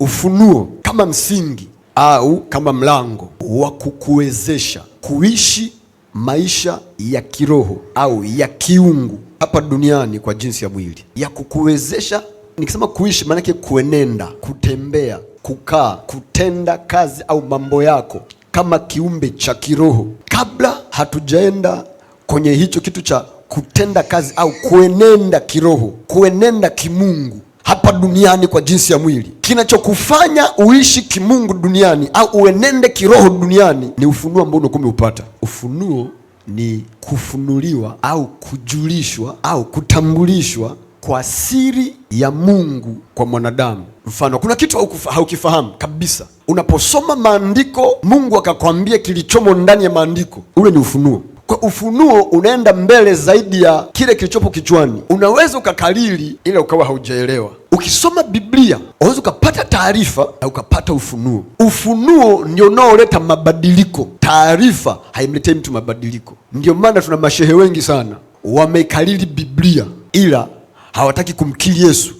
Ufunuo kama msingi au kama mlango wa kukuwezesha kuishi maisha ya kiroho au ya kiungu hapa duniani kwa jinsi ya mwili, ya kukuwezesha. Nikisema kuishi, maanake kuenenda, kutembea, kukaa, kutenda kazi au mambo yako kama kiumbe cha kiroho. Kabla hatujaenda kwenye hicho kitu cha kutenda kazi au kuenenda kiroho, kuenenda kimungu hapa duniani kwa jinsi ya mwili. Kinachokufanya uishi kimungu duniani au uenende kiroho duniani ni ufunuo ambao unakuwa umeupata. Ufunuo ni kufunuliwa au kujulishwa au kutambulishwa kwa siri ya Mungu kwa mwanadamu. Mfano, kuna kitu haukifahamu kabisa, unaposoma maandiko Mungu akakwambia kilichomo ndani ya maandiko, ule ni ufunuo kwa ufunuo unaenda mbele zaidi ya kile kilichopo kichwani. Unaweza ukakalili ila ukawa haujaelewa. Ukisoma Biblia unaweza ukapata taarifa na ukapata ufunuo. Ufunuo ndio unaoleta mabadiliko, taarifa haimletei mtu mabadiliko. Ndio maana tuna mashehe wengi sana wameikalili Biblia ila hawataki kumkiri Yesu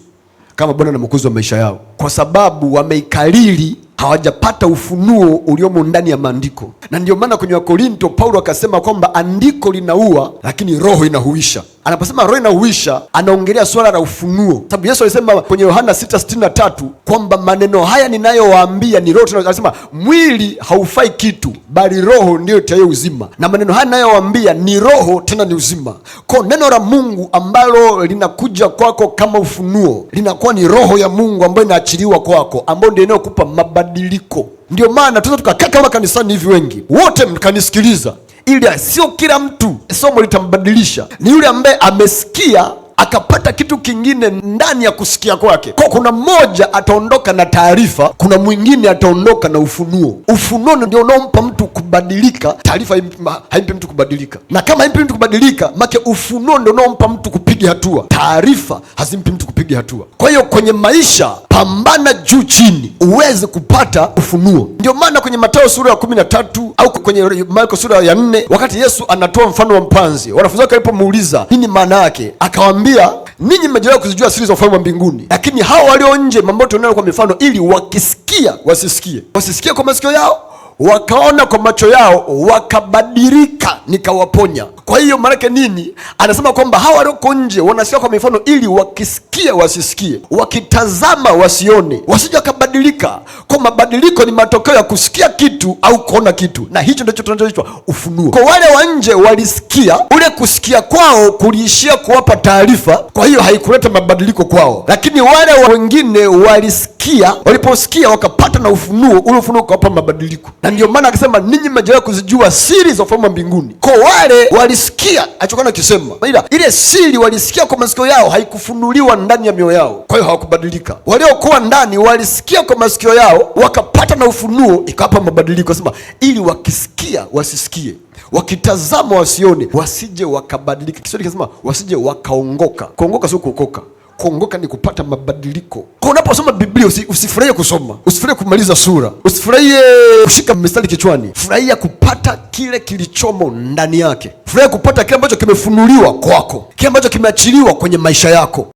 kama Bwana na Mwokozi wa maisha yao, kwa sababu wameikalili hawajapata ufunuo uliomo ndani ya maandiko, na ndio maana kwenye Wakorinto Paulo akasema kwamba andiko linaua, lakini roho inahuisha. Anaposema roho inauisha, anaongelea swala la ufunuo, sababu Yesu alisema kwenye Yohana 6:63 kwamba maneno haya ninayowaambia ni roho. Anasema mwili haufai kitu, bali roho ndiyo itaye uzima, na maneno haya ninayowaambia ni roho, tena ni uzima. Kwa neno la Mungu ambalo linakuja kwako kama ufunuo linakuwa ni roho ya Mungu ambayo inaachiliwa kwako, ambayo ndio inayokupa mabadiliko. Ndio maana tunaweza tukakaa kama kanisani hivi, wengi wote mkanisikiliza ili sio kila mtu somo litambadilisha, ni yule ambaye amesikia akapata kitu kingine ndani ya kusikia kwake. Kwa kuna mmoja ataondoka na taarifa, kuna mwingine ataondoka na ufunuo. Ufunuo ndio unaompa mtu kubadilika, taarifa haimpi mtu kubadilika. Na kama haimpi mtu kubadilika, make ufunuo ndio unaompa mtu kupiga hatua, taarifa hazimpi mtu unapiga hatua. Kwa hiyo kwenye maisha, pambana juu chini uweze kupata ufunuo. Ndio maana kwenye Mathayo sura ya kumi na tatu au kwenye Marko sura ya nne wakati Yesu anatoa mfano wa mpanzi, wanafunzi wake walipomuuliza nini maana yake, akawaambia ninyi mmejaliwa kuzijua siri za ufalme wa mbinguni, lakini hao walio nje mambo tunayo kwa mifano, ili wakisikia wasisikie, wasisikie kwa masikio yao, wakaona kwa macho yao, wakabadilika, nikawaponya. Kwa hiyo maanake nini? Anasema kwamba hawa walioko nje wanasikia kwa mifano, ili wakisikia wasisikie, wakitazama wasione, wasije wakabadilika. Kwa mabadiliko ni matokeo ya kusikia kitu au kuona kitu, na hicho ndicho tunachoitwa ufunuo. Kwa wale wa nje walisikia, ule kusikia kwao kuliishia kuwapa taarifa, kwa hiyo haikuleta mabadiliko kwao, lakini wale wa wengine walisikia, waliposikia wakapata na ufunuo, ule ufunuo ukawapa mabadiliko, na ndio maana akasema ninyi mmejaliwa kuzijua siri za ufalme wa mbinguni. Kwa wale walis walisikia alichokuwa nakisema, ila ile siri walisikia kwa masikio yao, haikufunuliwa ndani ya mioyo yao, kwa hiyo hawakubadilika. Waliokuwa ndani walisikia kwa masikio yao, wakapata na ufunuo, ikawapa mabadiliko, sema ili wakisikia wasisikie wakitazama wasione, wasije wakabadilika. Kiswahili kinasema wasije wakaongoka. Kuongoka sio kuokoka kuongoka ni kupata mabadiliko. Kwa unaposoma Biblia usi, usifurahie kusoma, usifurahie kumaliza sura, usifurahie kushika mistari kichwani. Furahia kupata kile kilichomo ndani yake. Furahia kupata kile ambacho kimefunuliwa kwako, kile ambacho kimeachiliwa kwenye maisha yako.